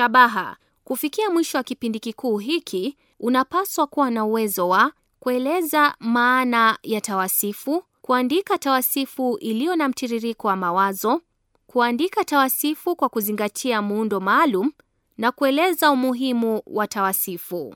Shabaha: kufikia mwisho wa kipindi kikuu hiki, unapaswa kuwa na uwezo wa kueleza maana ya tawasifu, kuandika tawasifu iliyo na mtiririko wa mawazo, kuandika tawasifu kwa kuzingatia muundo maalum na kueleza umuhimu wa tawasifu.